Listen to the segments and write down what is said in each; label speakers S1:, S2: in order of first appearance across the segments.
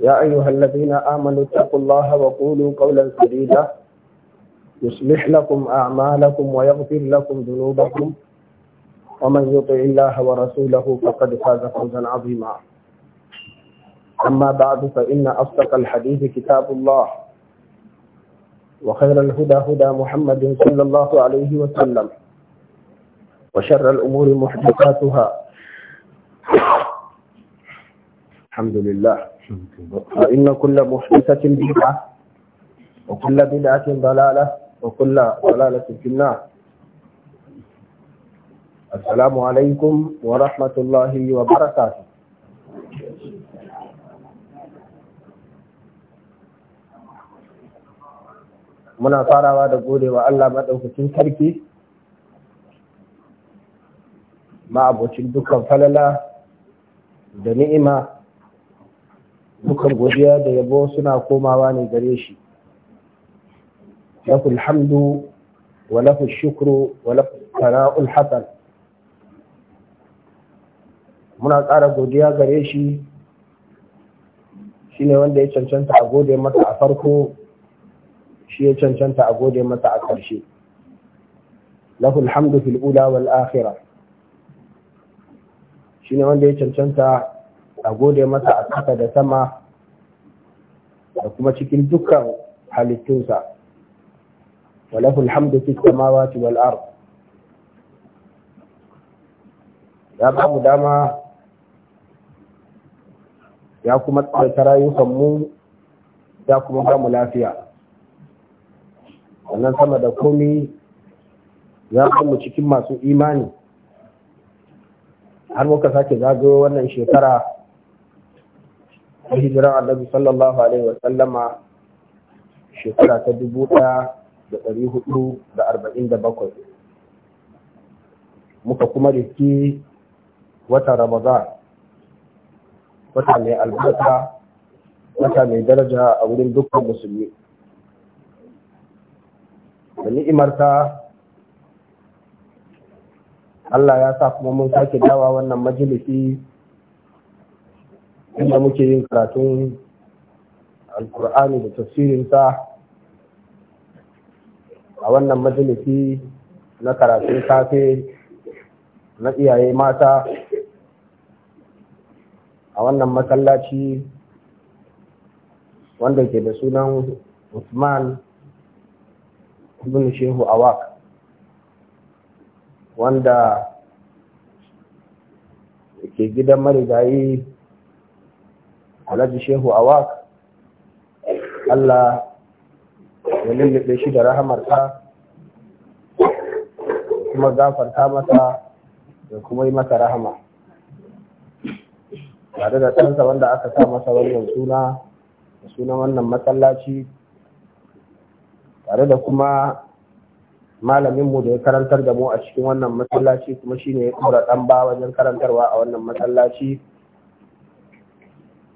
S1: يا أيها الذين آمنوا اتقوا الله وقولوا قولا سديدا يصلح لكم أعمالكم ويغفر لكم ذنوبكم ومن يطع الله ورسوله فقد فاز فوزا عظيما أما بعد فإن أصدق الحديث كتاب الله وخير الهدى هدى محمد صلى الله عليه وسلم وشر الأمور محدثاتها الحمد لله فإن كل محدثة بدعة وكل بدعة ضلالة وكل ضلالة في Assalamu السلام عليكم ورحمة الله وبركاته muna farawa da godewa Allah maɗaukacin sarki ma'abocin dukkan falala da ni'ima dukan godiya da yabo suna komawa ne gare shi lafi alhamdu wa lafi shukuru wa lafi tara'ul hasan muna ƙara godiya gare shi shine wanda ya cancanta a gode mata a farko shi ya cancanta a gode mata a ƙarshe lafi alhamdu fil ula wal shi shine wanda ya cancanta a gode mata. ƙasa da sama da kuma cikin dukkan halittunsa walafin hamdu fi samawati ci wal'ar ya ba mu dama ya kuma tsawaita mu ya kuma ba mu lafiya wannan sama da komi ya mu cikin masu imani har muka sake zagaye wannan shekara a hijiran annabi sallallahu alaihi wa sallama shekara ta dubu ɗaya da ɗari hudu da arba'in da bakwai muka kuma riki wata rabaza wata mai albarka wata mai daraja a wurin dukkan musulmi da ni'imarta Allah ya sa kuma mun sake dawa wannan majalisi inda muke yin karatun alkur'ani da tafsirinsa a wannan majalisi na karatun safe na iyaye mata a wannan masallaci wanda ke da sunan Usman ibn Shehu Awak wanda ke gidan marigayi alhaji shehu awak Allah ya lullube shi da rahamarta kuma gafarta masa da kuma yi masa rahama tare da ɗansa wanda aka sa masa wannan suna da sunan wannan matsalaci tare da kuma malaminmu da ya karantar da mu a cikin wannan matsalaci kuma shine ya ɗora ɗan ba wajen karantarwa a wannan matsalaci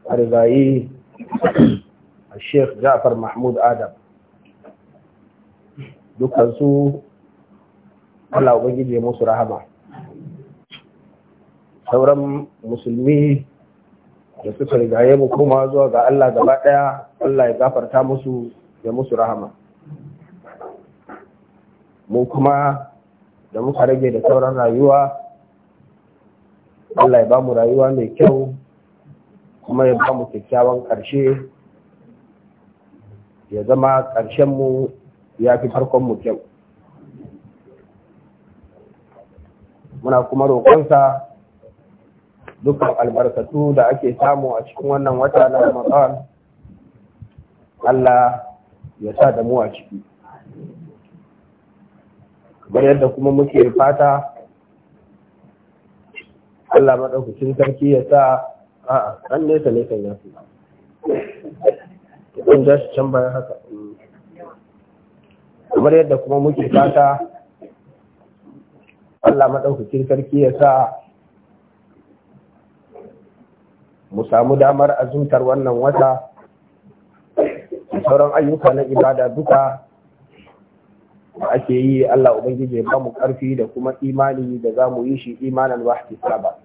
S1: a sheikh Jafar Mahmud Adam, dukansu Allah Ubangiji musu rahama sauran musulmi da suka rigaye mu kuma zuwa ga Allah gaba ɗaya Allah ya gafarta musu ya musu rahama mu kuma da muka rage da sauran rayuwa Allah ya ba mu rayuwa mai kyau kuma ya ba mu kyakkyawan ƙarshe ya zama ƙarshenmu ya fi mu kyau muna kuma roƙonsa dukkan albarkatu da ake samu a cikin wannan wata na Ramadan Allah ya sa da mu a ciki kamar yadda kuma muke fata Allah maɗaukacin sarki ya sa a'a an nesa ne kan yafi zan ja shi can bayan haka kamar yadda kuma muke fata Allah maɗaukakin sarki ya sa mu samu damar azumtar wannan wata da sauran ayyuka na ibada duka da ake yi Allah Ubangiji ya ba mu ƙarfi da kuma imani da za mu yi shi imanin wahdi saba.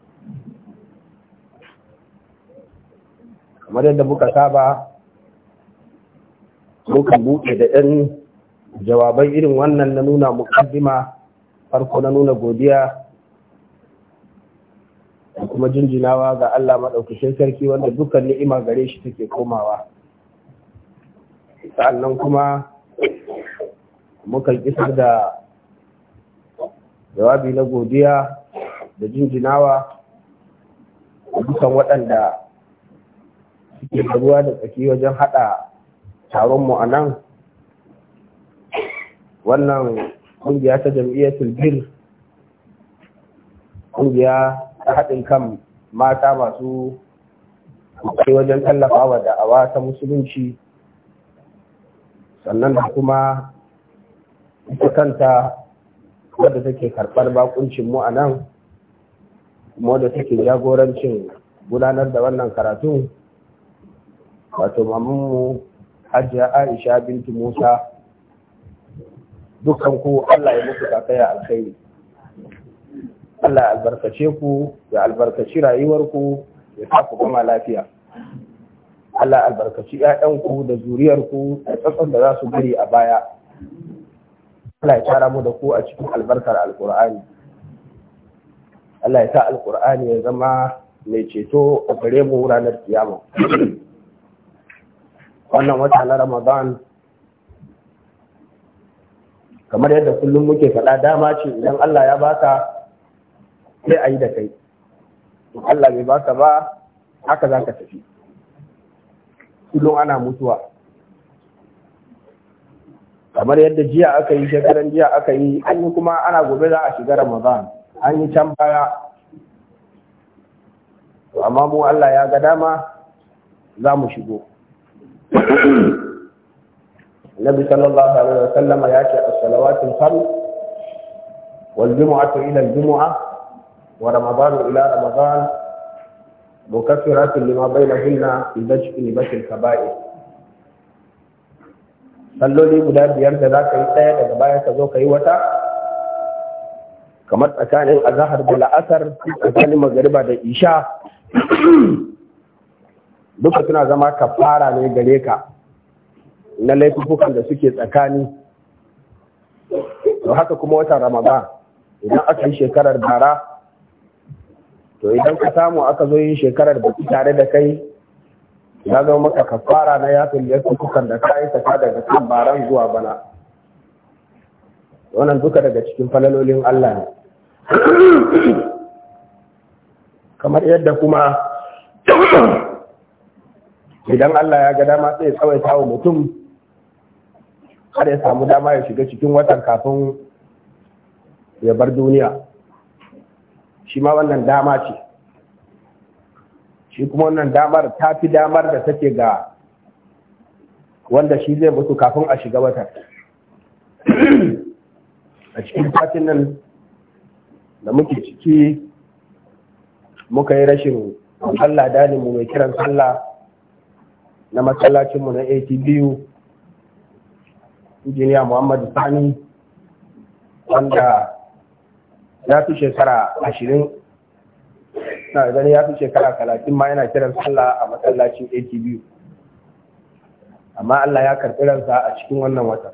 S1: kamar yadda muka saba muka buɗe da ɗan jawabai irin wannan na nuna mukaddima farko na nuna godiya da kuma jinjinawa ga Allah maɗaukacin sarki wanda dukkan ni'ima gare shi take komawa sa'annan kuma muka kisar da jawabi na godiya da jinjinawa da dukkan waɗanda suke da ruwa da tsaki wajen haɗa taronmu a nan wannan ƙungiya ta jam'iyyar sulbir ƙungiya ta haɗin kan mata masu kai wajen tallafa wa da'awa ta musulunci sannan da kuma ita kanta wadda take karɓar bakuncin mu a nan kuma wadda take jagorancin gudanar da wannan karatun wato mamanmu hajjiya aisha binti musa dukkan ku allah ya muku kakaya alkhairi allah ya albarkace ku ya albarkaci rayuwarku ya sa ku lafiya allah ya albarkaci 'ya'yanku da zuriyarku da tsatson da za su gari a baya allah ya tara mu da ku a cikin albarkar alkur'ani allah ya sa alkur'ani ya zama mai ceto a gare mu ranar kiyama wannan wata na ramadan kamar yadda kullum muke faɗa dama ce idan Allah ya baka sai a yi da kai in Allah bai baka ba haka za ka tafi kullum ana mutuwa kamar yadda jiya aka yi shekaran jiya aka yi an yi kuma ana gobe za a shiga ramadan an yi can baya to amma mu Allah ya ga dama za mu shigo النبي صلى الله عليه وسلم ياتي الصلوات الخمس والجمعه الى الجمعه ورمضان الى رمضان مكفرات لما بينهن في بجء الكبائر salloli guda biyar da za ka yi ɗaya daga baya ka zo ka yi wata kamar tsakanin azahar da la'asar tsakanin magariba da isha duka suna zama kafara ne gare ka na laifukan da suke tsakani to haka kuma watan ramadan idan aka yi shekarar bara to idan ka samu aka zo yin shekarar biki tare da kai ya zama maka kafara na yafin laifukan da ka tsaka daga kan baran zuwa bana wannan duka daga cikin falalolin Allah ne kamar yadda kuma idan Allah ya ga dama sai ya wa mutum har ya samu dama ya shiga cikin watan kafin ya bar duniya shi ma wannan dama ce shi kuma wannan damar ta fi damar da take ga wanda shi zai mutu kafin a shiga watan a cikin fatin nan da muke ciki muka yi rashin Allah mu mai kiran sallah na masallacinmu na atbu injiniya muhammadu sani wanda ya fi shekara ashirin na gani ya fi shekara talatin ma yana kiran sallah a masallacin atbu amma allah ya karɓi ransa a cikin wannan wata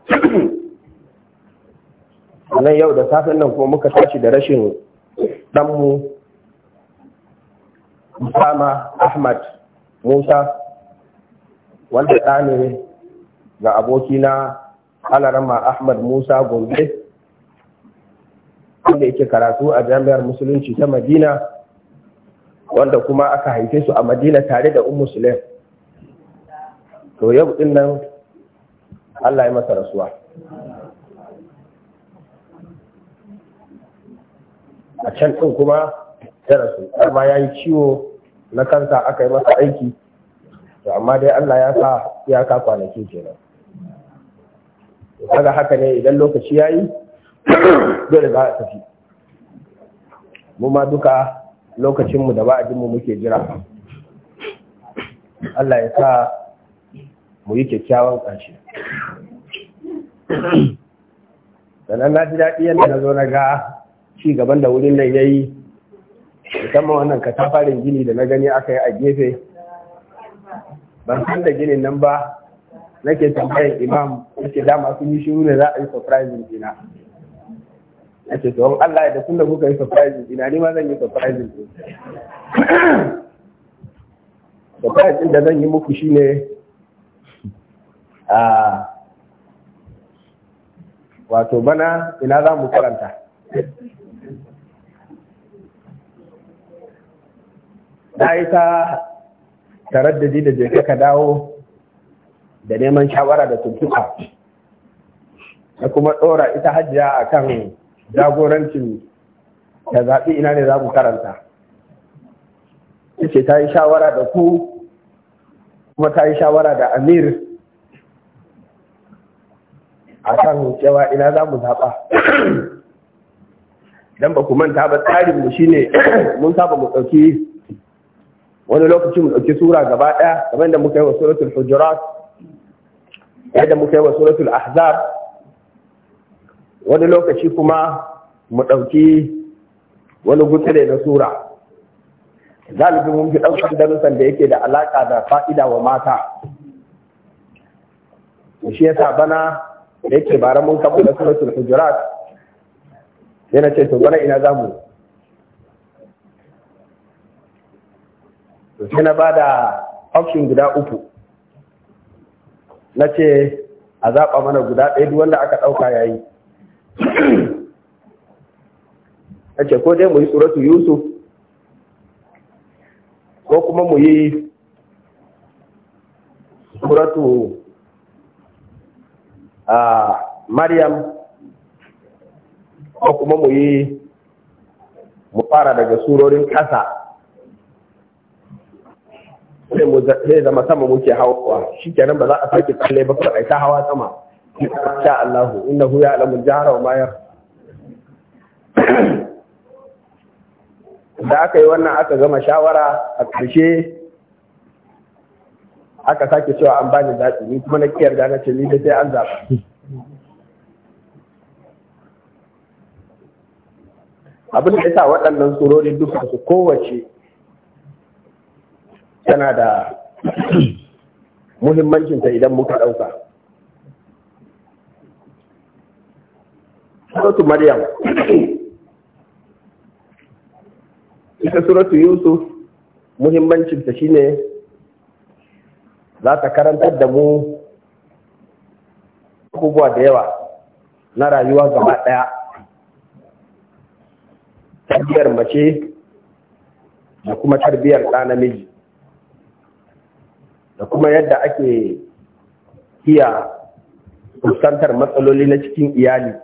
S1: Wannan yau da safen nan kuma muka tashi da rashin ɗanmu Usama Ahmad Musa wanda ɗa ne ga abokina alarama ahmad musa gombe wanda yake karatu a jami'ar musulunci ta madina wanda kuma aka haife su a madina tare da un musulun to yau ɗin nan allah ya masa rasuwa a can ɗin kuma ya rasu ya yi ciwo na kansa aka yi masa aiki to amma dai Allah ya sa ya iyaka kwanaki kenan kaga haka ne idan lokaci yayi dole za a tafi mu ma duka mu da mu muke jira Allah ya sa mu yi kyakkyawan ƙarshe sannan na ji daɗi yadda na zo na ga ci gaban da wurin nan ya yi musamman wannan katafarin gini da na gani aka yi a gefe ban san da ginin nan ba nake tambayar imam yake dama sun yi shiru ne za a yi surprising dina nake to Allah da tun da kuka yi surprising dina ni ma zan yi surprising din surprise din da zan yi muku shine a wato bana ina za mu karanta na yi ta taraddadi da je ka dawo da neman shawara da tuntuka da kuma ɗora ita hajjiya a kan jagorancin da zaɓi ina ne za ku karanta ce ta yi shawara da ku kuma ta yi shawara da amir a kan cewa ina za mu zaɓa don ba ku manta ba tsarinmu shine mun saba mu ɗauki wani lokaci mu ɗauki sura gaba ɗaya kamar da muka yi wa suratul hujurat yadda muka yi wa suratul ahzab wani lokaci kuma mu ɗauki wani gutsire na sura galibi mun fi ɗaukar darussan da yake da alaƙa da fa'ida wa mata shi yasa bana da yake bara mun kammala suratul hujurat Yana ce to bana ina zamu sai na ba da option guda uku na ce a zaɓa mana guda ɗaya duk wanda aka ɗauka ya yi na ce ko dai mu yi suratu yusuf ko kuma mu yi suratu a maryam ko kuma mu yi mu fara daga surorin ƙasa sai mu zama sama muke hawa shi kenan ba za a sake kalle ba kuma ta hawa sama insha Allah innahu alamun jahra wa ma da aka yi wannan aka gama shawara a ƙarshe aka sake cewa an bani zaɓi ni kuma na kiyar gane ce ni da sai an zaɓa abin da ya sa waɗannan tsoronin duka su kowace tana da muhimmancinta idan muka ɗauka. Suratu Maryam ita suratu Yusuf muhimmancinta shine za ta karantar da mu abubuwa da yawa na rayuwa gaba ɗaya. Tarbiyar mace da kuma tarbiyar ɗa namiji. da kuma yadda ake iya fuskantar matsaloli na cikin iyali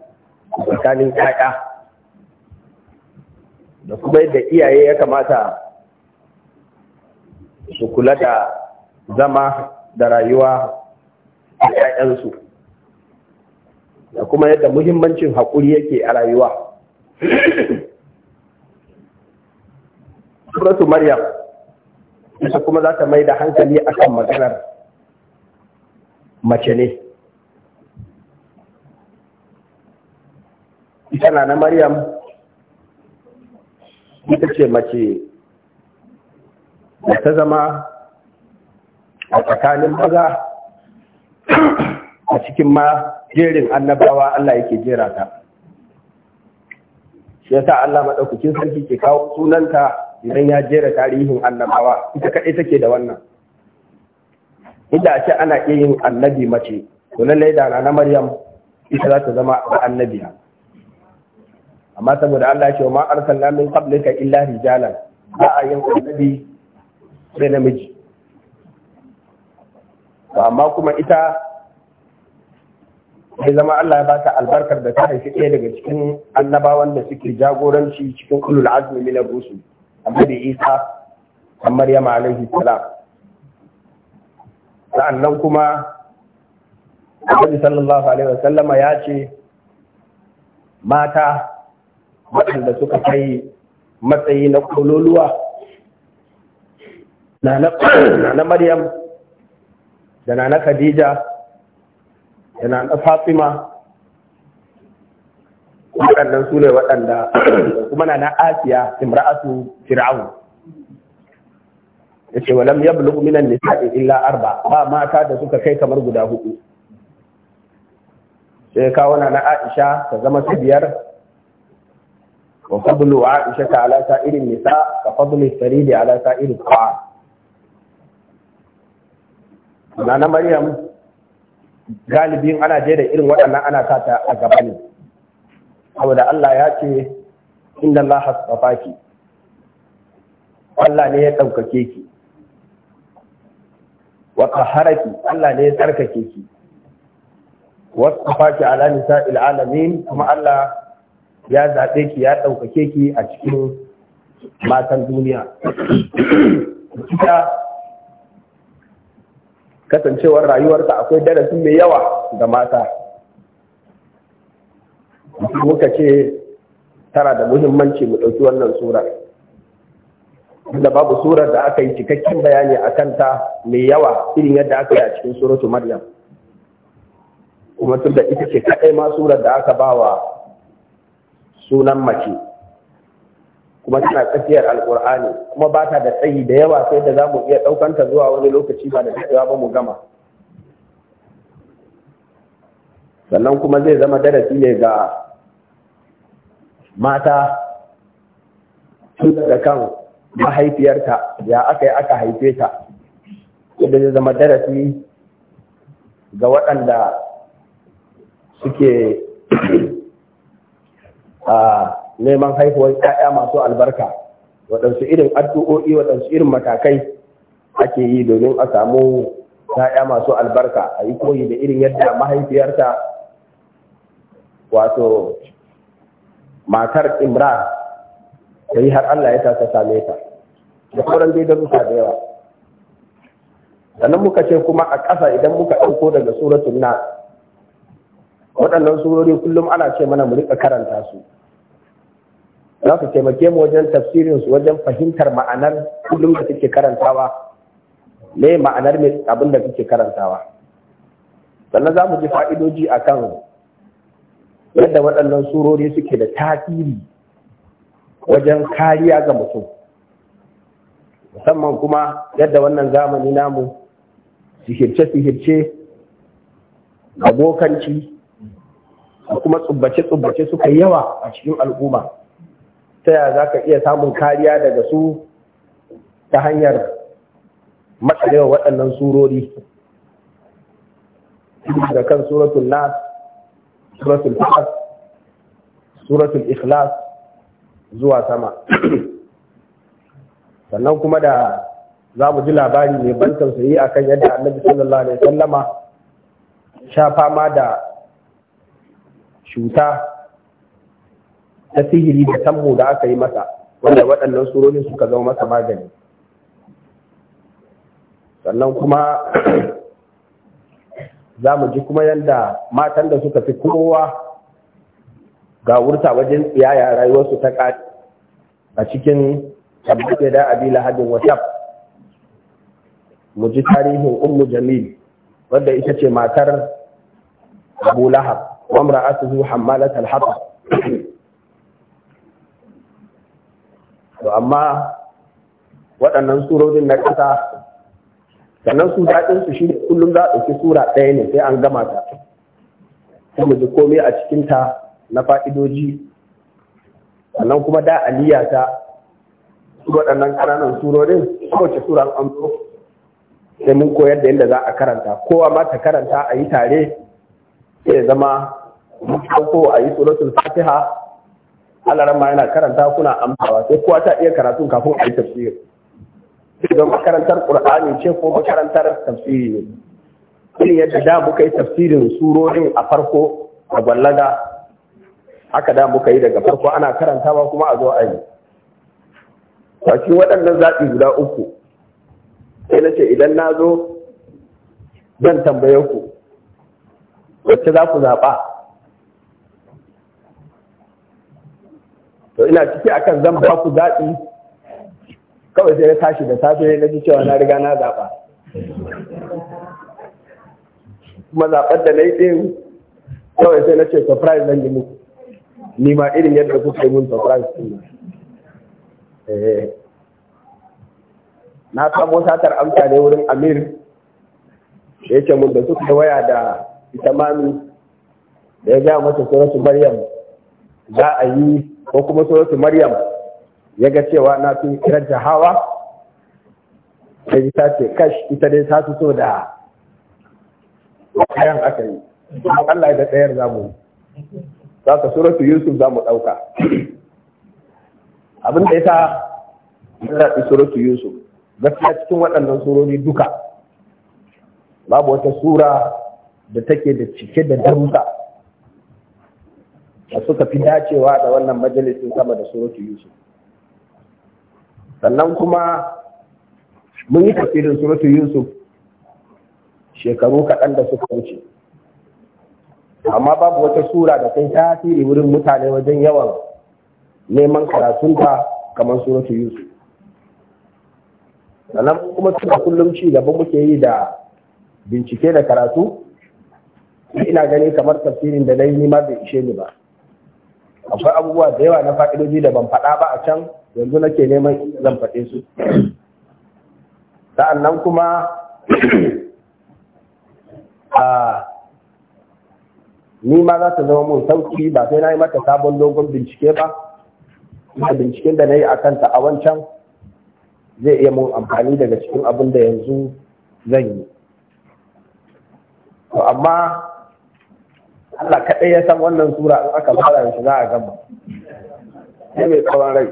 S1: tsakanin ƴaƴa da kuma yadda iyaye ya kamata su kula da zama da rayuwa a ƴaƴansu da kuma yadda muhimmancin haƙuri yake a rayuwa suratu maryam ita kuma za ta mai da hankali a kan maganar mace ne ita na na maryam ita ce mace da ta zama a tsakanin maza a cikin ma jerin annabawa Allah yake jera ta shi yasa Allah maɗaukakin sarki ke kawo sunanta idan ya jera tarihin annabawa ita kaɗai take da wannan inda ce ana iya yin annabi mace to lallai da na maryam ita za ta zama ba annabiya amma saboda Allah ya ce ma arsalna min qablika illa rijalan ba a yin annabi sai namiji to amma kuma ita sai zama Allah ya bata albarkar da ta haifi ɗaya daga cikin annabawan da suke jagoranci cikin ulul azmi min rusul annabi isa an maryama alaihi salam sa'annan kuma annabi sallallahu alaihi wasallama ya ce mata waɗanda suka kai matsayi na kololuwa na na maryam da na na khadija da na na fatima waɗannan su ne waɗanda kuma na na asiya imra'atu fir'aun yace walam yablugh minan nisa'i illa arba ba mata da suka kai kamar guda hudu sai kawo na Aisha ta zama su biyar wa fadlu Aisha ta ala sa'irin nisa ka fadlu saridi ala sa'irin qa'a na na Maryam galibin ana je da irin waɗannan ana sata a gaba ne saboda Allah ya ce inda Allah hasafa ki Allah ne ya ɗaukake ki wa qaharaki Allah ne ya tsarkake ki wa safaki ala nisa'il alamin kuma Allah ya zaɓe ki ya ɗaukake ki a cikin matan duniya kasancewar rayuwarka akwai darasin mai yawa ga mata muka ce tara da muhimmanci mu ɗauki wannan sura da babu surar da aka yi cikakken bayani a kanta mai yawa irin yadda aka yi a cikin suratu maryam kuma tun da ita ce kaɗai ma surar da aka ba wa sunan mace kuma tana tsakiyar alƙur'ani kuma ba ta da tsayi da yawa sai da za mu iya ɗaukanta zuwa wani lokaci ba da daɗewa ba mu gama sannan kuma zai zama darasi ne ga mata da kan mahaifiyarta ya aka yi aka haife ta yadda zai zama darasi ga waɗanda suke a neman haifuwar ƴaƴa masu albarka waɗansu irin addu'o'i waɗansu irin matakai ake yi domin a samu 'ya'ya masu albarka a yi koyi da irin yadda mahaifiyarta wato matar imran da yi har Allah ya ta same ta da kuran dai da yawa sannan muka ce kuma a ƙasa idan muka ɗauko daga suratun na waɗannan surori kullum ana ce mana mu riƙa karanta su za su taimake mu wajen tafsirin su wajen fahimtar ma'anar kullum da suke karantawa me ma'anar mai abin da kake karantawa sannan za mu ji fa'idoji kan. yadda waɗannan surori suke da tasiri wajen kariya ga mutum musamman kuma yadda wannan zamani namu sihirce-sihirce abokanci da kuma tsubbace-tsubbace suka yawa a cikin al'umma ta yaya za ka iya samun kariya daga su ta hanyar matsalewa waɗannan surori da kan suratun nas suratul iklas zuwa sama sannan kuma da za mu ji labari mai ban tausayi akan yadda annabi sallallahu alaihi sallama sha fama da cuta ta sihiri da tammu da aka yi masa wanda waɗannan surorin suka zama masa magani sannan kuma za mu ji kuma yadda matan da suka fi kowa ga wurta wajen tsiyaya rayuwarsu ta ƙari a cikin tabbata da abi lahadin wasaf mu ji tarihin ummu jamil wadda ita ce matar abu lahab wa mra'atuhu hammalat to amma waɗannan surorin na ƙasa sannan su daɗin su shi kullum za a ɗauki sura ɗaya ne sai an gama ta sai mu ji komai a cikin ta na fa'idoji sannan kuma da aliya ta su waɗannan ƙananan surorin kowace sura an zo sai mun koyar da yadda za a karanta kowa ma ta karanta a yi tare sai ya zama ko a yi suratul fatiha alarama ma yana karanta kuna amsawa sai kowa ta iya karatun kafin a yi tafsir daga makarantar ƙur'ani ce ko makarantar tafsiri ne irin yadda da muka yi tafsirin surorin a farko a gwallaga haka da muka yi daga farko ana karantawa kuma a zo a yi shi waɗannan zaɓi guda uku sai na ce idan na zo zan tambaye ku wacce za ku zaɓa to ina ciki akan zan ba ku zaɓi kawai sai na tashi da safe na ji cewa na riga na zaɓa kuma zaɓar da na yi ɗin kawai sai na ce surprise zan yi muku ni ma irin yadda kuka yi mun surprise ɗin eh. na samo satar amsa ne wurin amir da ya ce mun da suka waya da ita mami da ya gaya masa suratu maryam za a yi ko kuma suratu maryam ya ga cewa na fi kiranta hawa sai ta ce kash ita dai ta fito da kayan aka yi Allah da tsayar zamu za ka suratu Yusuf za mu ɗauka abin da ya sa zaɓi suratu Yusuf gaskiya cikin waɗannan surori duka babu wata sura da take da cike da darusa da suka fi dacewa da wannan majalisin sama da suratu Yusuf sannan kuma mun yi tafsirin suratu yusuf shekaru kaɗan da suka wuce amma babu wata sura da ta tasiri wurin mutane wajen yawan neman karatunta kamar suratu yusuf sannan kuma suna kullum ci gaba muke yi da bincike da karatu ina gani kamar tafsirin da na yi nima bai ishe ni ba akwai abubuwa da yawa na fa'idoji da ban faɗa ba a can yanzu nake neman inda zan faɗe su sa'annan kuma a ni ma za ta zama mun sauki ba sai na yi mata sabon dogon bincike ba da binciken da na yi a kanta a wancan zai iya mun amfani daga cikin abin da yanzu zan yi to amma Allah kaɗai ya san wannan sura in aka fara shi za a gama sai mai tsawon rai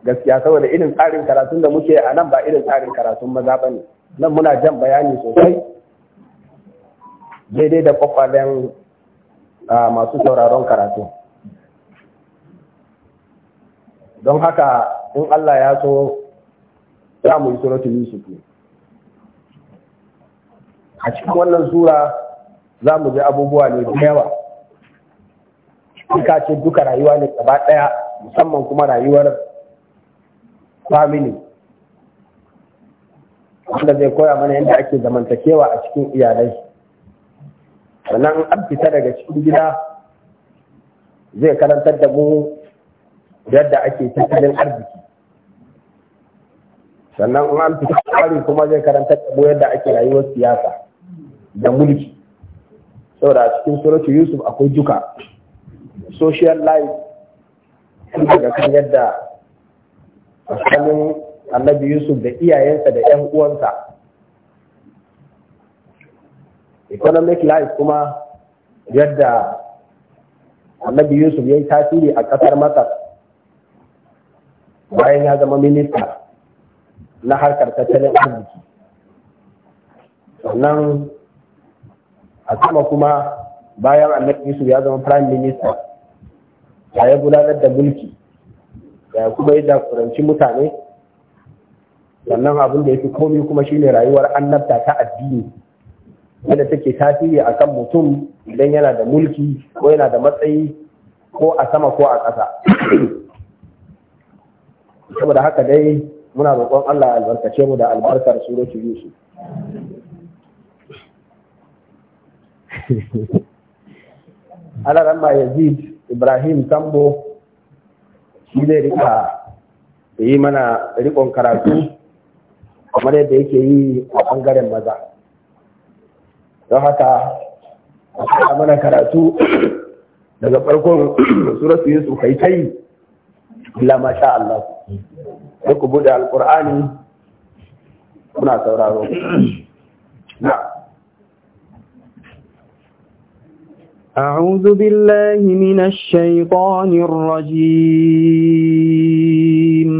S1: gaskiya saboda irin tsarin karatun da muke a nan ba irin tsarin karatun maza ba ne nan muna jan bayani sosai daidai da kwakwalen masu sauraron karatu don haka in Allah ya so za mu yi suratun yusuf a cikin wannan sura za mu ji abubuwa ne da yawa ce duka rayuwa ne gaba ɗaya musamman kuma rayuwar family wanda zai koya mana yadda ake zamantakewa a cikin iyalai sannan an fita daga cikin gida zai karantar da mu yadda ake tattalin arziki sannan an fita tsari kuma zai karantar da mu yadda ake rayuwar siyasa da mulki saboda cikin suratu yusuf akwai duka social life tun daga kan yadda asalin annabi yusuf da iyayensa da yan uwansa economic life kuma yadda annabi yusuf ya yi tasiri a ƙasar masar bayan ya zama minista na harkar tattalin arziki sannan a sama kuma bayan annabi yusuf ya zama prime minister ya ya gudanar da mulki ya kuma ya jagoranci mutane sannan abin da ya fi komi kuma shine rayuwar annabta ta addini wanda take tasiri a kan mutum idan yana da mulki ko yana da matsayi ko a sama ko a ƙasa saboda haka dai muna roƙon Allah albarkace mu da albarkar suratu Yusuf Allah ramma Yazid Ibrahim Sambo shi zai rika da yi mana rikon karatu kamar yadda yake yi a ɓangaren maza. Don haka, a mana karatu daga farkon su Yesu kai ta yi, illa sha Allah. Sai ku buɗe Alƙur'ani kuna sauraro. Na.
S2: أعوذ بالله من الشيطان الرجيم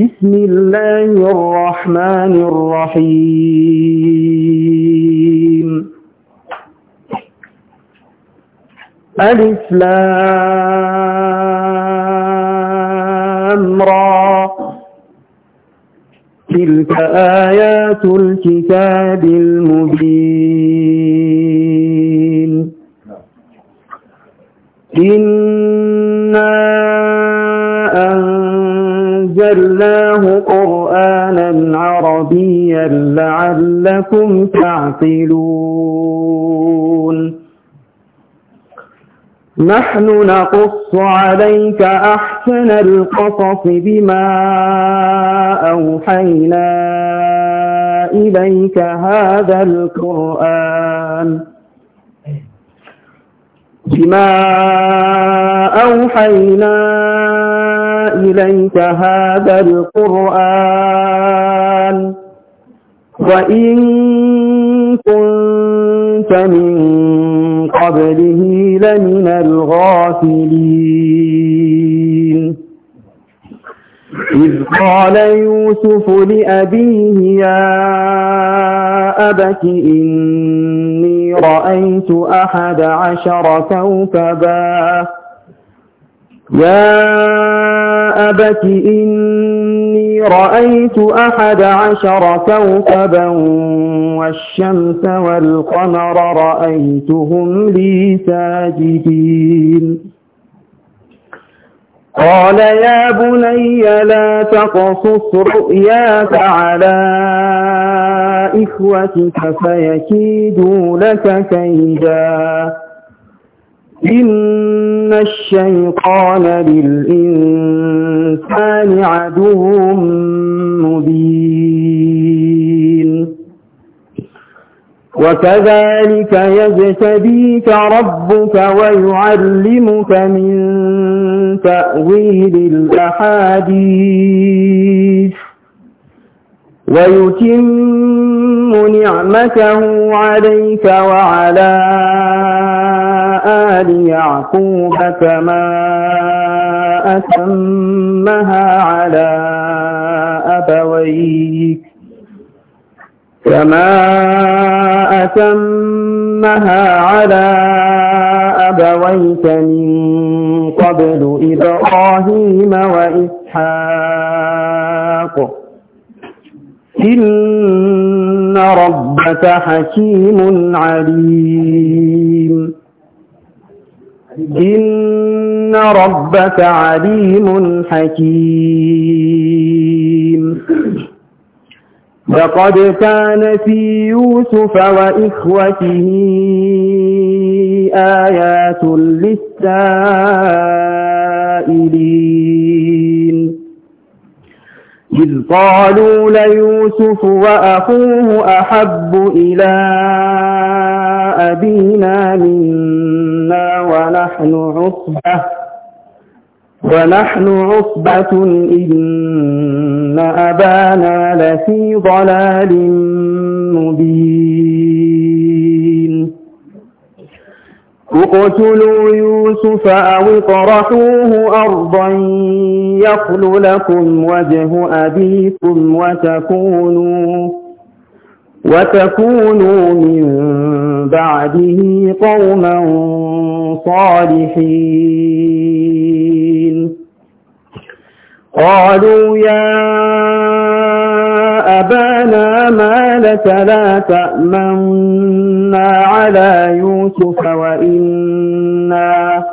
S2: بسم الله الرحمن الرحيم ألف لام را تلك آية آيات الكتاب المبين إنا أنزلناه قرآنا عربيا لعلكم تعقلون نحن نقص عليك أحسن القصص بما أوحينا إليك هذا القرآن بما أوحينا إليك هذا القرآن وإن كنت من قبله لمن الغافلين قال يوسف لأبيه يا أبت إني رأيت أحد عشر كوكبا يا أبت إني رأيت أحد عشر كوكبا والشمس والقمر رأيتهم لي ساجدين قال يا بني لا تقصص رؤياك على إخوتك فيكيدوا لك كيدا إن الشيطان للإنسان عدو مبين وكذلك يجتبيك ربك ويعلمك من تأويل الأحاديث ويتم نعمته عليك وعلى آل يعقوب كما أتمها على أبويك كما أتمها على أبويك من قبل إبراهيم وإسحاق إن ربك حكيم عليم إن ربك عليم حكيم لقد كان في يوسف وإخوته آيات للسائلين إذ قالوا ليوسف وأخوه أحب إلى أبينا منا ونحن عصبة ونحن عصبة إن أبانا لفي ضلال مبين اقتلوا يوسف أو اطرحوه أرضا يخل لكم وجه أبيكم وتكونوا وتكونوا من بعده قوما صالحين الدين قالوا يا أبانا ما لك لا تأمنا على يوسف وإنا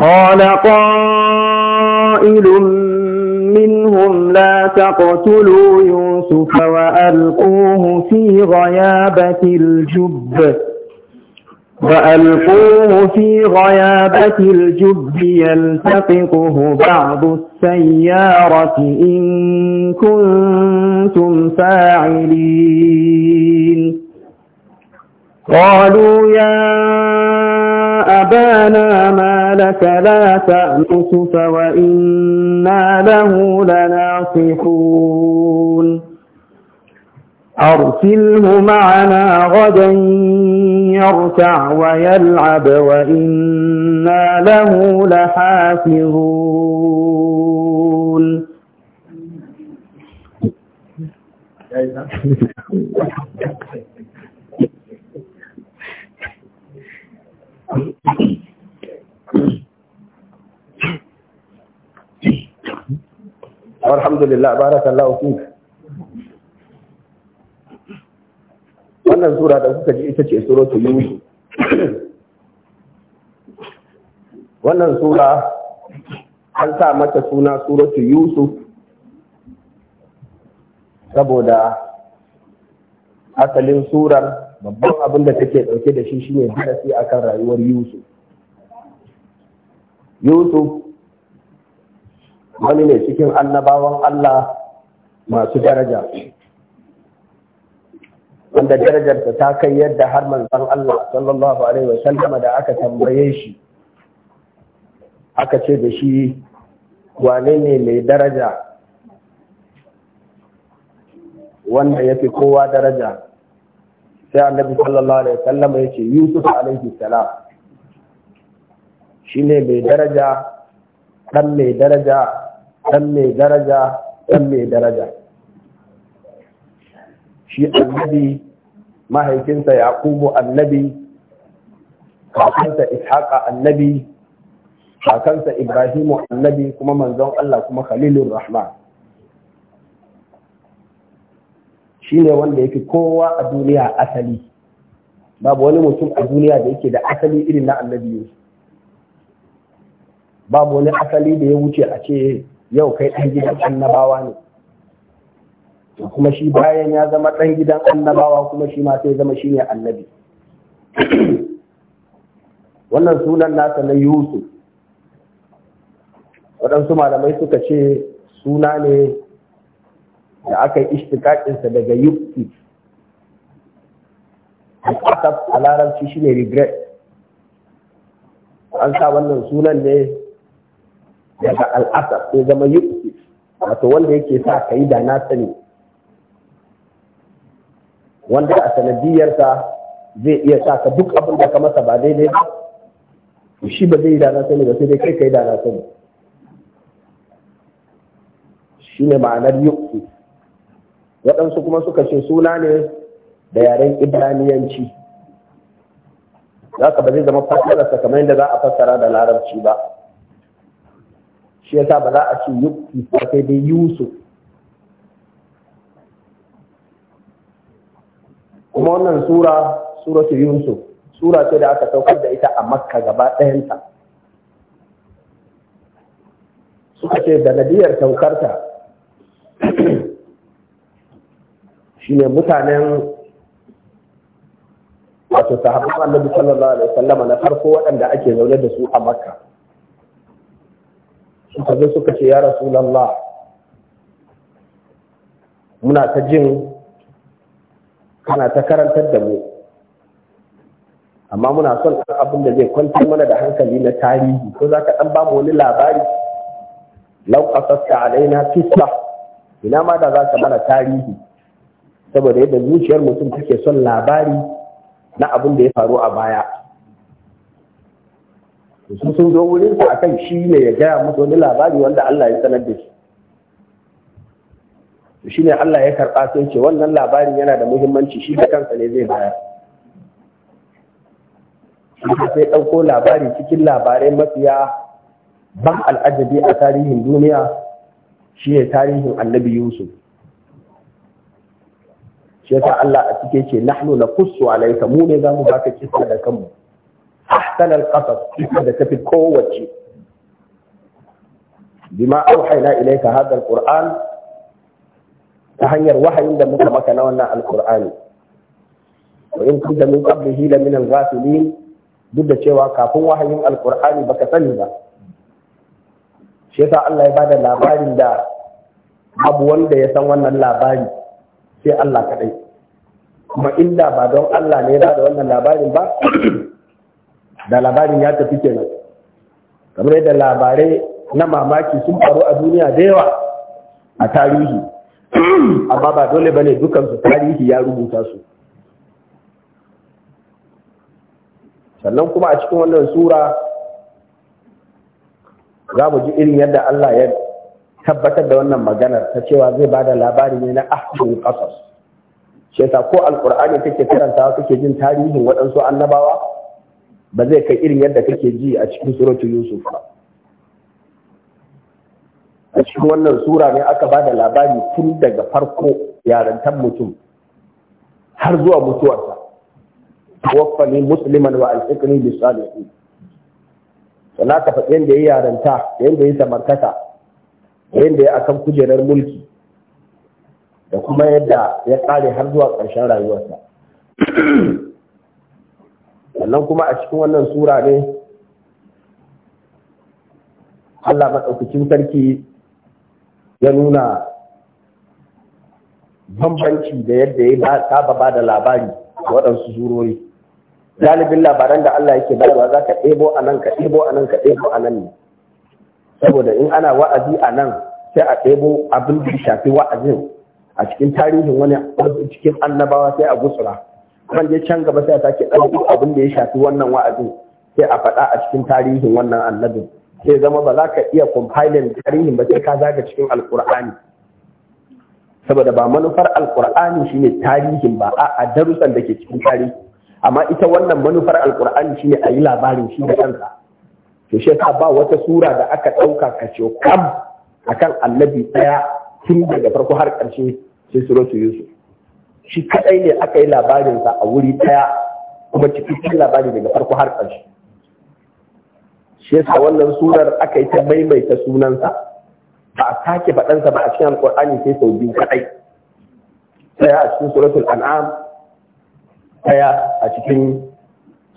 S2: قال قائل منهم لا تقتلوا يوسف وألقوه في غيابة الجب وألقوه في غيابة الجب يلتقطه بعض السيارة إن كنتم فاعلين قالوا يا أبانا ما لك لا تأنسف وإنا له لناصحون أرسله معنا غدا يرتع ويلعب وإنا له لحافظون
S1: والحمد لله بارك الله فيك wannan sura da kuka ji ita ce suratu yusuf wannan sura an sa mata suna suratu yusuf saboda asalin surar babban abin da take dauke da shi shine darasi akan rayuwar yusuf yusuf wani ne cikin annabawan allah
S2: masu daraja
S1: wanda darajarta ta kai yadda har manzon Allah sallallahu alaihi wa sallama da aka tambaye shi aka ce da shi wane ne mai daraja wanda ya fi kowa daraja sai annabi sallallahu alaihi wa sallama ya ce yusuf alaihi salam shi ne mai daraja ɗan mai daraja ɗan mai daraja ɗan mai daraja shi annabi mahaifinsa yaqubu annabi kakansa a annabi kakansa ibrahimu annabi kuma manzon Allah kuma khalilur rahman shine wanda yake kowa a duniya asali babu wani mutum a duniya da yake da asali irin na annabi babu wani asali da ya wuce a ce yau kai ɗan gidan annabawa ne kuma shi bayan ya zama ɗan gidan annabawa kuma shi ma sai zama shine annabi wannan sunan nasa na yusuf waɗansu malamai suka ce suna ne da aka yi ishtikakinsa daga yuki al'asab a larabci ne regret an sa wannan sunan ne daga al'asar sai zama yuki wato wanda yake sa ka yi da na sani wanda a sanadiyarsa zai iya sa ka duk abin da ka masa ba daidai ba shi ba zai yi dana sani ba sai dai kai kai dana sani shi ne ma'anar yuƙi waɗansu kuma suka ce suna ne da yaren ibraniyanci za ka ba zai zama fasararsa kamar yadda za a fassara da larabci ba shi yasa ba za a ce yuƙi ba sai dai yusuf kuma wannan sura suratu yusuf sura ce da aka saukar da ita a makka gaba ɗayanta suka ce da nadiyar saukarta shi ne mutanen wato sahabban annabi sallallahu alaihi wasallama na farko waɗanda ake zaune da su a makka suka zo suka ce ya rasulullah muna ta jin kana ta karantar da mu amma muna son abin da zai kwantar mana da hankali na tarihi ko za ka ɗan ba mu wani labari lau kasasta alaina kisa ina ma da za ka mana tarihi saboda yadda zuciyar mutum take son labari na abin da ya faru a baya sun sun zo wurinsa akan shi ne ya gaya musu wani labari wanda Allah ya sanar da shi shi ne Allah ya karɓa sun ce wannan labarin yana da muhimmanci shi da kansa ne zai bayar sai ɗauko labari cikin labarai mafiya ban al'ajabi a tarihin duniya shi ne tarihin annabi yusuf shi yasa Allah a cike ce nahnu naqussu alayka mu ne zamu baka kisa da kanmu ahsan al-qasas kisa da tafi kowace bima auhayna ilayka hadha al-qur'an ta hanyar wahayin da muka maka na wannan alkur'ani wa in kunta min qablihi la min al-ghafilin duk da cewa kafin wahayin alkur'ani baka sani ba shi yasa Allah ya bada labarin da abu wanda ya san wannan labari sai Allah kadai kuma inda ba don Allah ne ya bada wannan labarin ba da labarin ya tafi kenan kamar yadda labarai na mamaki sun faru a duniya da yawa a tarihi amma ba dole bane dukansu tarihi ya rubuta su sannan kuma a cikin wannan sura za mu ji irin yadda Allah ya tabbatar da wannan maganar ta cewa zai bada da labari ne na ahadin qasas shi yasa ko alqur'ani take karantawa kake jin tarihin waɗansu annabawa ba zai kai irin yadda kake ji a cikin suratul yusuf ba a cikin wannan sura ne aka ba da labari tun daga farko yarantar mutum har zuwa mutuwarsa tawaffani Musulman, wa alfikini bi salihin sana ka faɗi yadda ya yaranta yadda ya samarkata, yadda ya akan kujerar mulki da kuma yadda ya ƙare har zuwa ƙarshen rayuwarsa sannan kuma a cikin wannan sura ne Allah maɗaukacin sarki ya nuna bambanci da yadda ya saba ba da labari waɗansu zurori galibin labaran da Allah yake bayarwa za ka ɗebo a nan ka ɗebo a nan ka ɗebo a nan ne saboda in ana wa'azi a nan sai a ɗebo abin da shafi wa'azin a cikin tarihin wani cikin annabawa sai a gusura. kuma je can gaba sai a sake ɗauko abin da ya shafi wannan wa'azin sai a faɗa a cikin tarihin wannan annabin sai zama ba za ka iya compiling tarihin ba sai ka zaga cikin alkur'ani saboda ba manufar alkur'ani shine tarihin ba a darussan da ke cikin tarihi amma ita wannan manufar alkur'ani shine a yi labarin shi da kansa to shi yasa ba wata sura da aka ɗauka ka ce kam akan annabi ɗaya tun daga farko har ƙarshe sai suratu yusuf shi kadai ne aka yi labarinsa a wuri ɗaya kuma cikakken labari daga farko har ƙarshe shi yasa wannan sunar aka yi ta maimaita sunansa ba a sake faɗansa ba a cikin alƙur'ani sai sau biyu kaɗai ɗaya a cikin suratul an'am ɗaya a cikin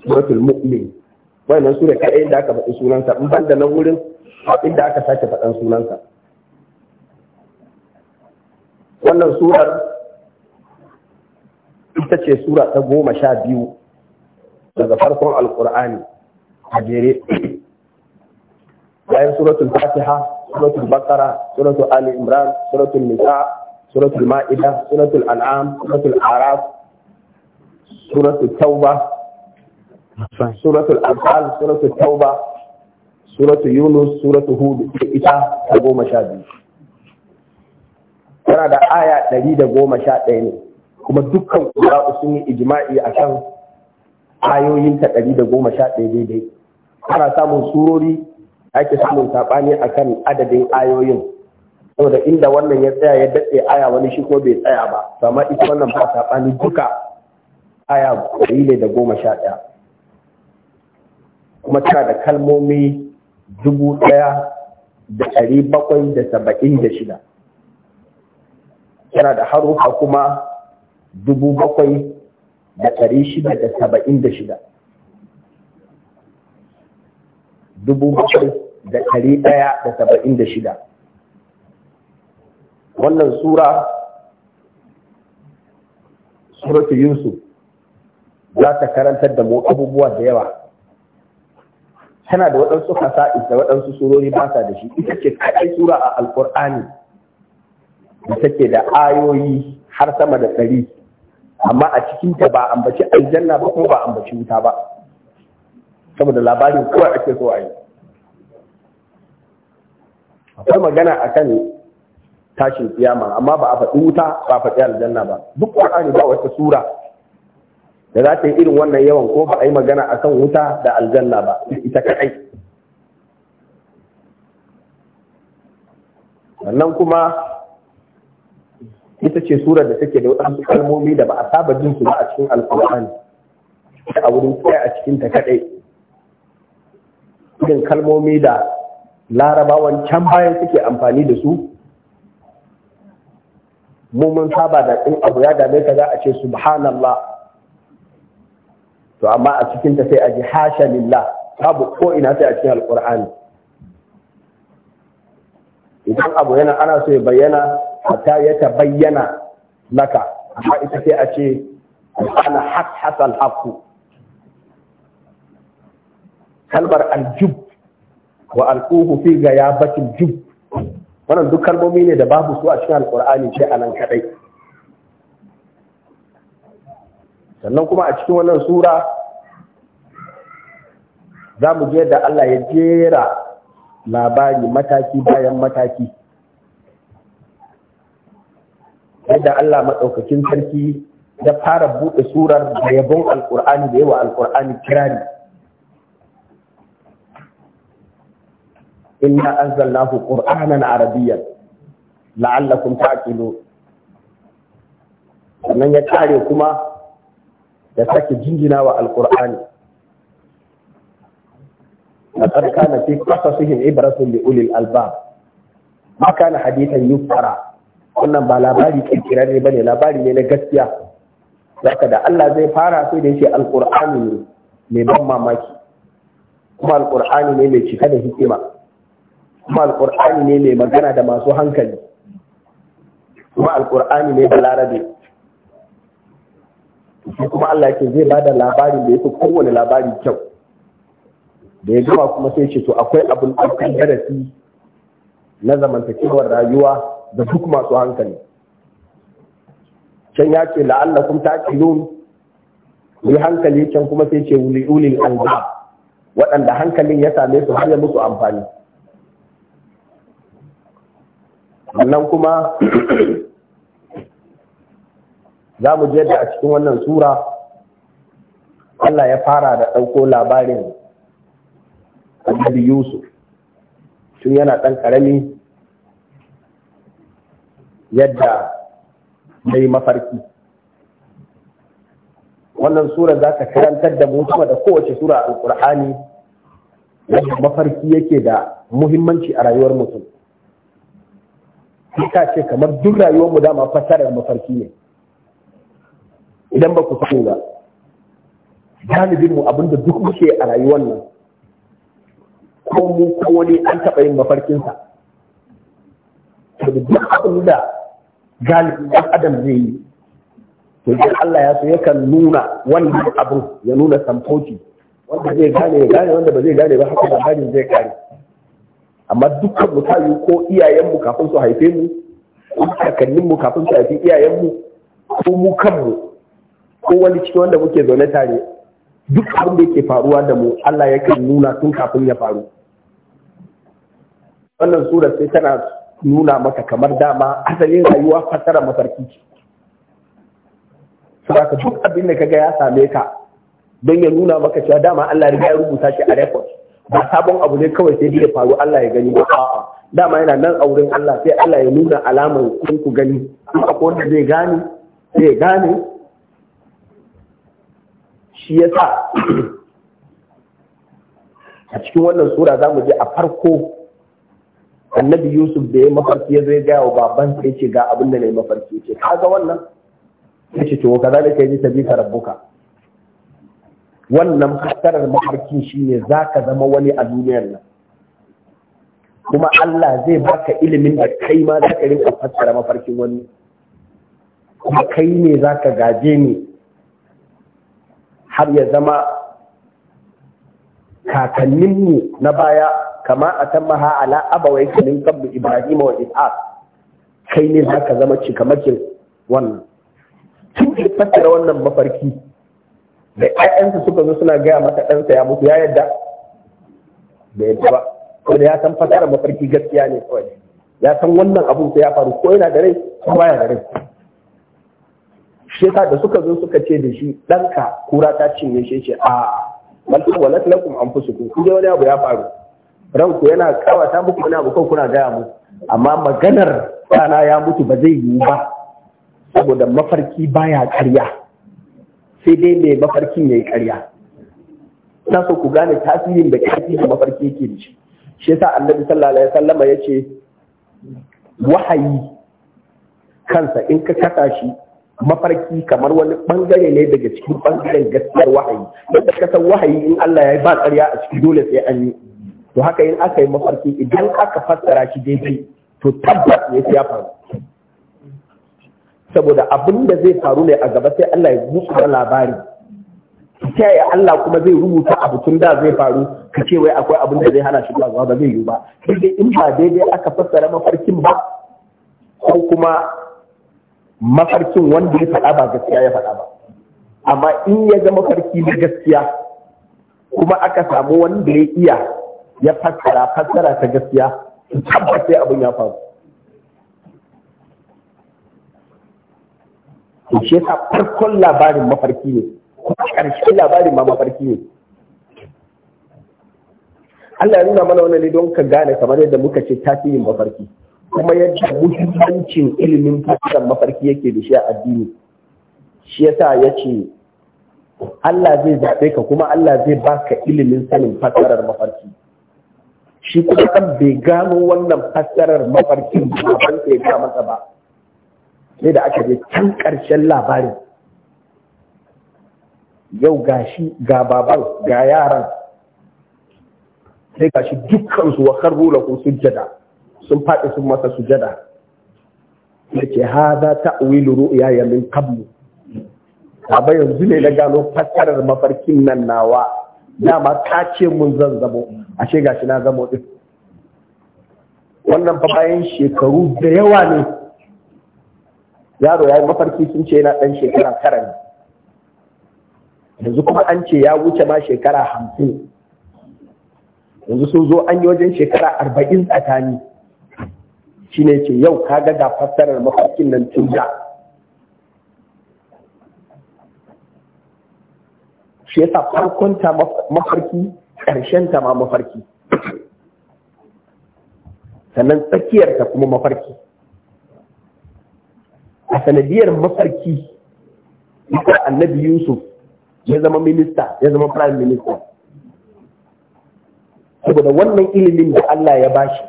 S1: suratul mu'min wannan sura kaɗai da aka faɗi sunansa in ban da nan wurin abin da aka sake faɗan sunansa wannan surar ita ce sura ta goma sha biyu daga farkon alƙur'ani a jere bayan suratul fatiha suratul baqara suratul ali imran suratul nisa suratul ma'ida suratul Al'am, suratul araf suratul tauba suratul anfal suratul tauba suratul yunus suratul hud ita ta goma sha biyu tana da aya ɗari da goma sha ɗaya ne kuma dukkan ƙura'u sun yi ijima'i a kan ayoyinta ta ɗari da goma sha ɗaya daidai ana samun surori ake samun saɓani akan adadin ayoyin saboda inda wannan ya tsaya ya datse aya wani shi ko bai tsaya ba to amma ita wannan ba saɓani duka aya ɗari ne da goma sha ɗaya kuma tana da kalmomi dubu ɗaya da ɗari bakwai da saba'in da shida tana da haruka kuma dubu bakwai da ɗari shida da saba'in da shida dubu bakwai da ɗari ɗaya da saba'in da shida wannan sura suratu yusuf za ta karantar da mu abubuwa da yawa tana da waɗansu hasa'is da waɗansu surori ba sa da shi ita ce kaɗai sura a alƙur'ani da take da ayoyi har sama da ɗari amma a cikinta ba ambaci aljanna ba kuma ba ambaci wuta ba saboda labarin kawai ake so a yi akwai magana akan tashin kiyama amma ba a faɗi wuta ba a faɗi aljanna ba duk ne ba wata sura da za ta yi irin wannan yawan ko ba a yi magana akan wuta da aljanna ba ita kaɗai sannan kuma ita ce surar da take da waɗansu kalmomi da ba a saba jin su ba a cikin alkur'ani a wurin tsaye a cikin ta kaɗai irin kalmomi da larabawan can bayan suke amfani da su mu mun saba da in abu ya dame ka za a ce subhanallah to amma a cikin ta sai a ji hasha lillah babu ko ina sai a cikin alqur'ani idan abu yana ana so ya bayyana hatta ya bayyana laka amma ita sai a ce ana haq hasal haqu kalmar aljub wa alquhu fi ghayabatil jub wannan duk kalmomi ne da babu su a cikin alqur'ani sai anan kadai sannan kuma a cikin wannan sura za mu je da Allah ya jera labari mataki bayan mataki yadda Allah maɗaukakin sarki ya fara buɗe surar da yabon alƙur'ani da yawa alƙur'ani kirari inna anzalnahu qur'anan arabiyyan la'allakum ta'qilun sannan ya kare kuma da sake jingina wa alqur'ani laqad kana fi qasasihim ibratun li ulil albab ma kana hadithan yufara wannan ba labari kirkirarre bane labari ne na gaskiya zaka da Allah zai fara sai da yace alqur'ani ne mai ban mamaki kuma alqur'ani ne mai cika da hikima kuma alƙur'ani ne mai magana da masu hankali kuma alƙur'ani ne da larabe shi kuma Allah yake zai ba da labarin da ya fi kowane labari kyau da ya gama kuma sai ce to akwai abin ɗaukar darasi na zamantakewar rayuwa da duk masu hankali can ya ce la'allakum ta'qilun yi hankali can kuma sai ce wuli ulil alba waɗanda hankalin ya same su har ya musu amfani sannan kuma za mu je da a cikin wannan sura Allah ya fara da ɗauko labarin annabi Yusuf tun yana ɗan ƙarami yadda ya yi mafarki wannan sura za ka karantar da mu da kowace sura alƙur'ani yadda mafarki yake da muhimmanci a rayuwar mutum sai ka ce kamar duk rayuwar mu dama fasarar mafarki ne idan ba ku fahimta ba galibin mu abinda duk muke a rayuwar nan ko mu ko wani an taɓa yin mafarkinsa to duk abin da galibin ɗan adam zai yi to idan Allah ya so yakan nuna wannan abin ya nuna samfoti wanda zai gane ya gane wanda ba zai gane ba haka labarin zai kare amma dukkan mu ta ko iyayenmu kafin su haife mu ko mu kafin su haifi iyayenmu ko mu kanmu ko wani cikin wanda muke zaune tare duk abin da yake faruwa da mu Allah ya kan nuna tun kafin ya faru wannan sura sai tana nuna maka kamar dama asalin rayuwa fassara mafarki ce saboda duk abin da kaga ya same ka don ya nuna maka cewa dama Allah ya rubuta shi a record ba sabon abu ne kawai sai ya faru Allah ya gani ba a'a dama yana nan a wurin Allah sai Allah ya nuna alamar kun ku gani in akwai wanda zai gane zai ya gane shi yasa a cikin wannan sura za mu je a farko annabi yusuf da ya mafarki ya zai gaya wa baban sai ce ga abin da na yi mafarki ce kaga wannan ya ce to kaza da ka yi tabi ka rabbuka wannan fassarar mafarkin shine za ka zama wani a duniyar nan kuma Allah zai baka ilimin da kai ma za ka rinka fassara mafarkin wani kuma kai ne za ka gaje ne har ya zama kakanninmu na baya kama a tammaha ala abawai kamin kabbu ibrahim wa isaac kai ne za ka zama cikamakin wannan tun fassara wannan mafarki da ƴaƴansa suka zo suna gaya masa ɗansa ya mutu ya yadda da yadda ba ko da ya san fasara mafarki gaskiya ne kawai ya san wannan abun sai ya faru ko yana da rai ko baya da rai shi da suka zo suka ce da shi ɗanka kura ta cinye shi ce a balta walat lakum anfusukum kun wani abu ya faru ranku yana ta muku wani abu ko kuna gaya mu. amma maganar rana ya mutu ba zai yiwu ba saboda mafarki baya karya sai dai mai mafarkin ya yi ƙarya na so ku gane tasirin da ƙarfi da mafarki yake da shi shi yasa annabi sallallahu alaihi wasallam ya ce wahayi kansa in ka kasa shi mafarki kamar wani bangare ne daga cikin bangaren gaskiyar wahayi yadda ka san wahayi in Allah ya yi ba ƙarya a ciki dole sai an yi to haka in aka yi mafarki idan aka fassara shi daidai to tabbas ne ya faru saboda abin da zai faru ne a gaba sai Allah ya buɗe labari ta yaya Allah kuma zai rubuta abu tun da zai faru ka ce wai akwai abin da zai hana shi zuwa ba zai yi ba sai dai in ba daidai aka fassara mafarkin ba ko kuma mafarkin wanda ya faɗa ba gaskiya ya faɗa ba amma in ya zama mafarki na gaskiya kuma aka samu wanda ya iya ya fassara fassara ta gaskiya tabbatai sai abin ya faru to shi yasa farkon labarin mafarki ne kuma ƙarshen labarin ma mafarki ne Allah ya nuna mana wannan ne don ka gane kamar yadda muka ce tasirin mafarki kuma yadda muhimmancin ilimin tasirin mafarki yake da shi a addini shi yasa ya ce Allah zai zaɓe ka kuma Allah zai baka ilimin sanin fassarar mafarki shi kuma kan bai gano wannan fassarar mafarkin ba ban ya ga masa ba sai da aka je can ƙarshen labarin yau ga shi ga babar, ga yaran sai ga shi dukkansu wa da kun sujjada sun faɗi sun masa sujjada yace hadha ta'wilu ru'yaya min qablu Baba yanzu ne na gano fassarar mafarkin nan nawa dama ta ce mun zan zamo ashe gashi na zamo din wannan fa bayan shekaru da yawa ne yaro ya yi mafarki sun ce yana ɗan shekara tara ne yanzu kuma an ce ya wuce ma shekara hamsin yanzu sun zo an yi wajen shekara arba'in tsakani shi ne ce yau ka ga ga fassarar mafarkin nan tun da shi yasa farkon ta mafarki ƙarshen ta ma mafarki sannan tsakiyarta kuma mafarki a sanadiyar mafarki ita annabi yusuf ya zama minista ya zama prime minister saboda wannan ilimin da Allah ya bashi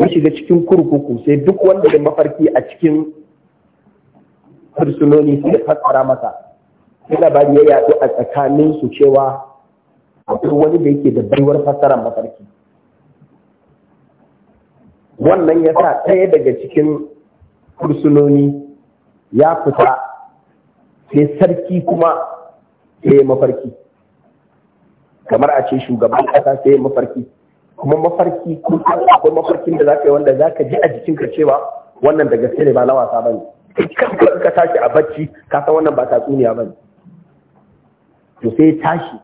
S1: ya shiga cikin kurkuku sai duk wanda da mafarki a cikin fursunoni su da fassara masa sai labari ya yaɗu a tsakanin su cewa akwai wani da yake da baiwar fassarar mafarki wannan ya sa ɗaya daga cikin fursunoni ya fita sai sarki kuma sai mafarki kamar a ce shugaban ƙasa sai mafarki kuma mafarki kuma akwai mafarkin da zaka yi wanda zaka ji a jikinka cewa wannan da gaske ne ba na wasa bane kan ka tashi a bacci ka san wannan ba tatsuniya bane to sai tashi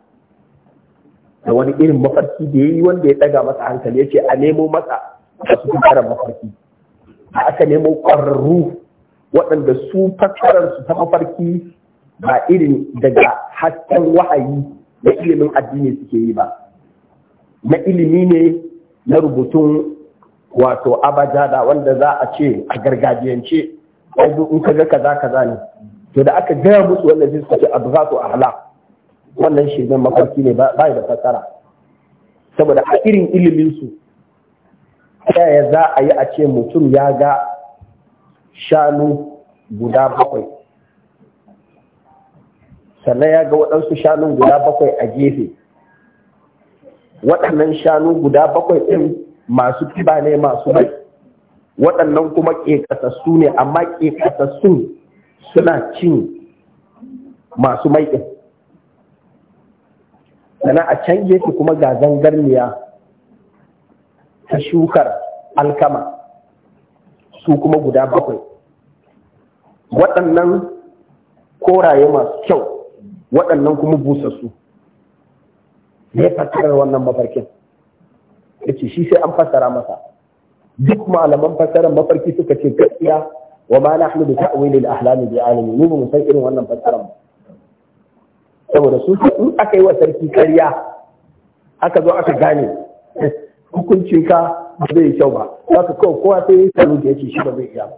S1: da wani irin mafarki da ya yi wanda ya ɗaga masa hankali ya ce a nemo masa a cikin karan mafarki aka nemo ƙwararru waɗanda su fassararsu ta mafarki ba irin daga hasken wahayi na ilimin addini suke yi ba na ilimi ne na rubutun wato abajada wanda za a ce a gargajiyance yanzu in ka ga kaza kaza ne to da aka gaya musu wannan suke suka abzatu ahla wannan shirin mafarki ne ba da fassara saboda a irin iliminsu. su ya za a yi a ce mutum ya ga shanu guda bakwai sannan ya ga waɗansu shanun guda bakwai a gefe waɗannan shanu guda bakwai ɗin masu kiba ne masu mai waɗannan kuma ƙeƙasassu ne amma ƙeƙasassun suna cin masu mai ɗin sannan a can gefe kuma ga zangarniya ta shukar alkama su kuma guda bakwai waɗannan koraye masu kyau waɗannan kuma busassu ne fassarar wannan mafarkin ya ce shi sai an fassara masa duk malaman fassarar mafarki suka ce gaskiya wa ma nahnu bi ta'wil al-ahlam bi alimi mu ba mu san irin wannan fassarar ba saboda su in aka yi wa sarki karya aka zo aka gane hukuncin ka ba zai kyau ba za ka kawo kowa sai ya salo da yake shi ba zai iya ba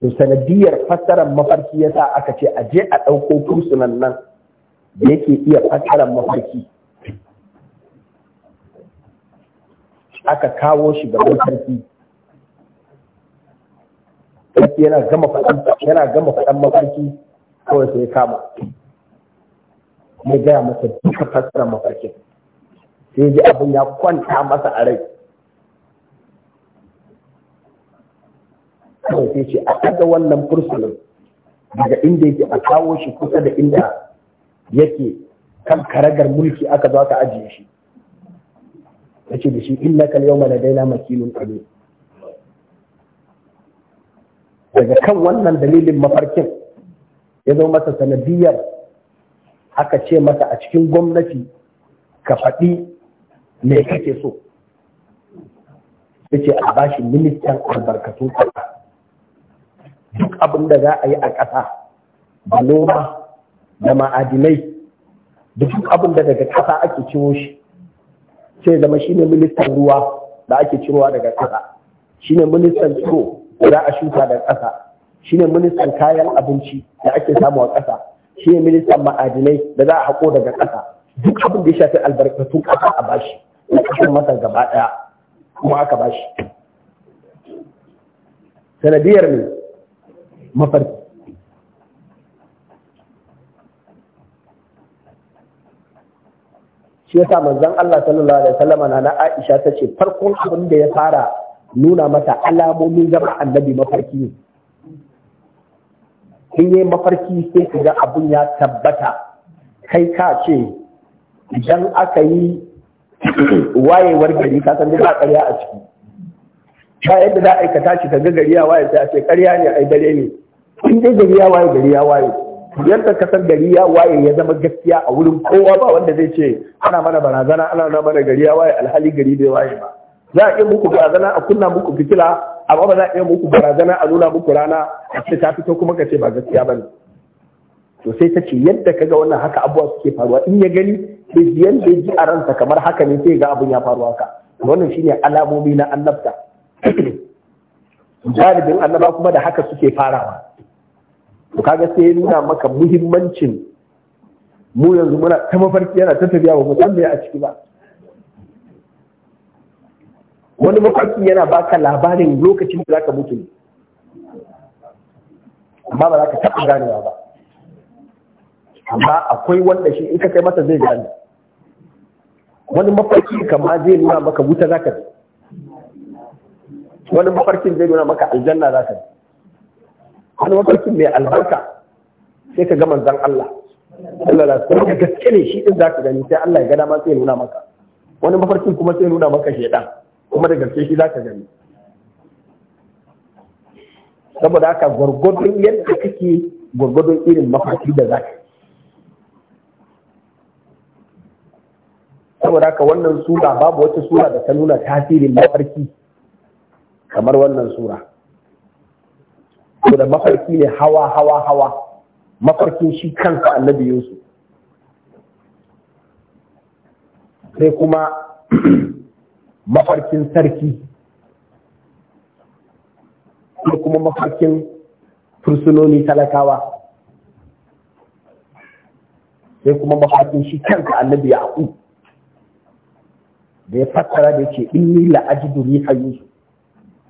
S1: to sanadiyar fassarar mafarki ya sa aka ce a je a ɗauko fursunan nan da yake iya fassarar mafarki aka kawo shi gaban sarki sarki yana gama faɗan yana gama faɗan mafarki kawai sai ya kama mai gaya masa duka fassarar mafarkin sai ji abin ya kwanta masa a rai kawai sai ce a ɗaga wannan fursunan daga inda yake a kawo shi kusa da inda yake kan karagar mulki aka zo aka ajiye shi ya ce da shi inna kal yau mana daina makilun abu daga kan wannan dalilin mafarkin ya zo masa sanadiyar aka ce masa a cikin gwamnati ka faɗi me kake so yace a bashi ministan albarkatun ƙasa duk abin da za a yi a ƙasa da noma da ma'adinai da duk abin da daga ƙasa ake ciro shi sai zama shine ministan ruwa da ake cirowa daga ƙasa shine ministan tsoro da za a shuka daga ƙasa shine ministan kayan abinci da ake samu a ƙasa shine ministan ma'adinai da za a haƙo daga ƙasa duk abin da ya shafi albarkatun ƙasa a bashi na ƙasar masar gaba ɗaya kuma aka ba shi sanadiyar ne mafarki shi yasa manzan Allah sallallahu alaihi wasallam na na Aisha ta ce farkon abin da ya fara nuna mata alamomin zama annabi mafarki ne in yi mafarki sai ga abun ya tabbata kai ka ce idan aka yi wayewar gari ka san ba a ciki ba yadda za a aikata shi ka ga gari ya waye sai a ce ƙarya ne ai dare ne in dai gari ya waye gari ya waye yadda ka san gari waye ya zama gaskiya a wurin kowa ba wanda zai ce ana mana barazana ana nuna mana gari waye alhali gari bai waye ba za a iya muku barazana a kunna muku fitila amma ba za a iya muku barazana a nuna muku rana a ce ta fito kuma ka ce ba gaskiya ba ne to sai ta ce yadda kaga wannan haka abuwa suke faruwa in ya gani sai ji yadda ji a ransa kamar haka ne sai ga abin ya faru haka wannan shine alamomi na annabta jalibin annaba kuma da haka suke farawa to kaga sai ya nuna maka muhimmancin mu yanzu muna ta mafarki yana ta tafiya ba mu san a ciki ba wani mafarki yana baka labarin lokacin da zaka mutu amma ba za ka taɓa ganewa ba amma akwai wanda shi in ka kai masa zai gane wani mafarki kama zai nuna maka wuta za ka wani mafarkin zai nuna maka aljanna za ka wani mafarkin mai albarka sai ka gama zan Allah Allah da su ka gaske ne shi din za ka gani sai Allah ya gada ma sai nuna maka wani mafarkin kuma sai nuna maka sheda kuma da gaske shi za ka gani saboda haka gwargwadon yadda kake gwargwadon irin mafarki da za ka saboda haka wannan sura babu wata sura da ta nuna tasirin mafarki kamar wannan sura to mafarki ne hawa hawa hawa mafarkin shi kanka annabi Yusuf sai kuma mafarkin sarki sai kuma mafarkin fursunoni talakawa sai kuma mafarkin shi kanka annabi Yaqub da ya fassara da yake ni la ajidu riha ba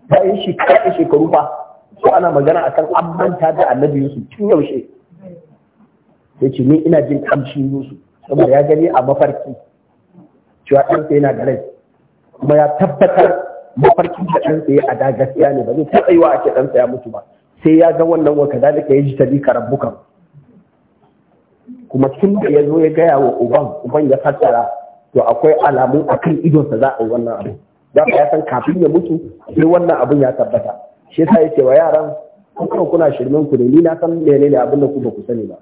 S1: bayan shi kai shekaru ba. ko ana magana akan an manta da annabi yusuf tun yaushe ce ni ina jin kamshin yusuf saboda ya gani a mafarki cewa ɗansa yana da rai kuma ya tabbatar mafarkin da ɗansa a da gaskiya ne ba zai taɓa a ake ɗansa ya mutu ba sai ya ga wannan wa da ya ji tabi karabbukan kuma tun da ya zo ya gaya wa uban uban ya fassara to akwai alamu akan idonsa za a yi wannan abu za ka ya san kafin ya mutu sai wannan abun ya tabbata shi sa yake wa yaran kuma kuna shirmen ku ne ni na san ne abin da ku ba ku sani ba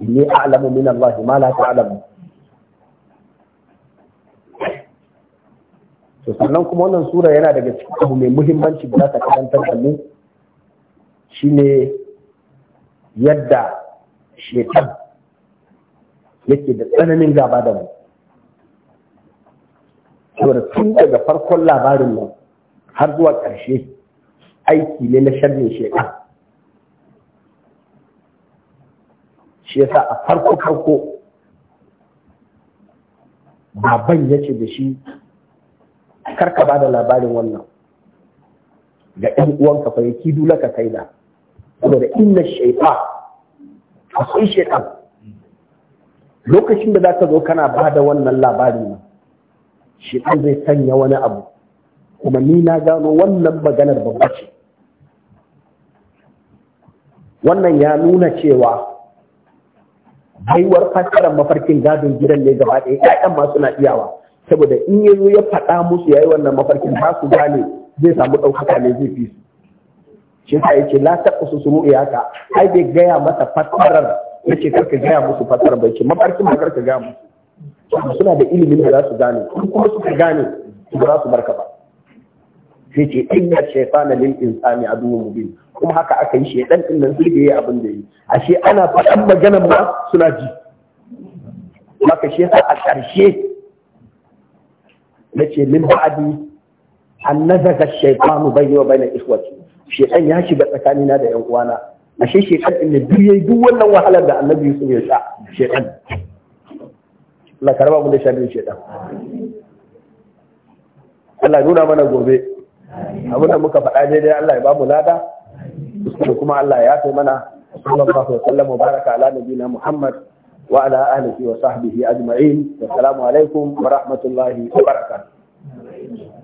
S1: inni a'lamu min Allah ma la ta'lamu to sannan kuma wannan sura yana daga cikin abu mai muhimmanci da za ta karantar da mu shine yadda shetan yake da tsananin gaba da mu saboda tun daga farkon labarin nan har zuwa ƙarshe aiki ne na sharrin shekar shi yasa a farko farko baban ya ce da shi karka ba da labarin wannan ga ɗan uwanka fa yaki dula ka kai da saboda inna shaifa akwai shaitan lokacin da za ka zo kana ba da wannan labarin nan. shi ɗan zai sanya wani abu kuma ni na gano wannan maganar babba ce wannan ya nuna cewa haiwar fassarar mafarkin gadon gidan ne gaba ɗaya ƴaƴan masu suna iyawa saboda in ya zo ya faɗa musu ya yi wannan mafarkin ba su gane zai samu ɗaukaka ne zai fi su shi ta yace su taqsu suru'iyaka ai bai gaya masa fassarar ce karka gaya musu fassarar bai ce mafarkin ba karka gaya musu suna da ilimin da za su gane kuma suka gane ba za su barka ba sai ce inna shaytana lil insani aduwwun mubin kuma haka aka yi shaytan din nan sai da yayi abin da yi ashe ana faɗan magana ma suna ji maka shi yasa a ƙarshe nace min ba'di an nazaga shaytanu bayni wa bayna ikhwati shaytan ya shiga tsakanina da yan uwana ashe shaytan din ne duk yayi duk wannan wahalar da annabi Yusuf ya sha shaytan Lakarba karba mu da ne shaitan Allah nuna mana gobe abin da muka faɗa daidai Allah ya ba mu lada kuskure kuma Allah ya yafe mana sallallahu alaihi wa sallam wa baraka ala nabiyina Muhammad wa ala alihi wa sahbihi ajma'in assalamu alaikum wa rahmatullahi wa
S2: barakatuh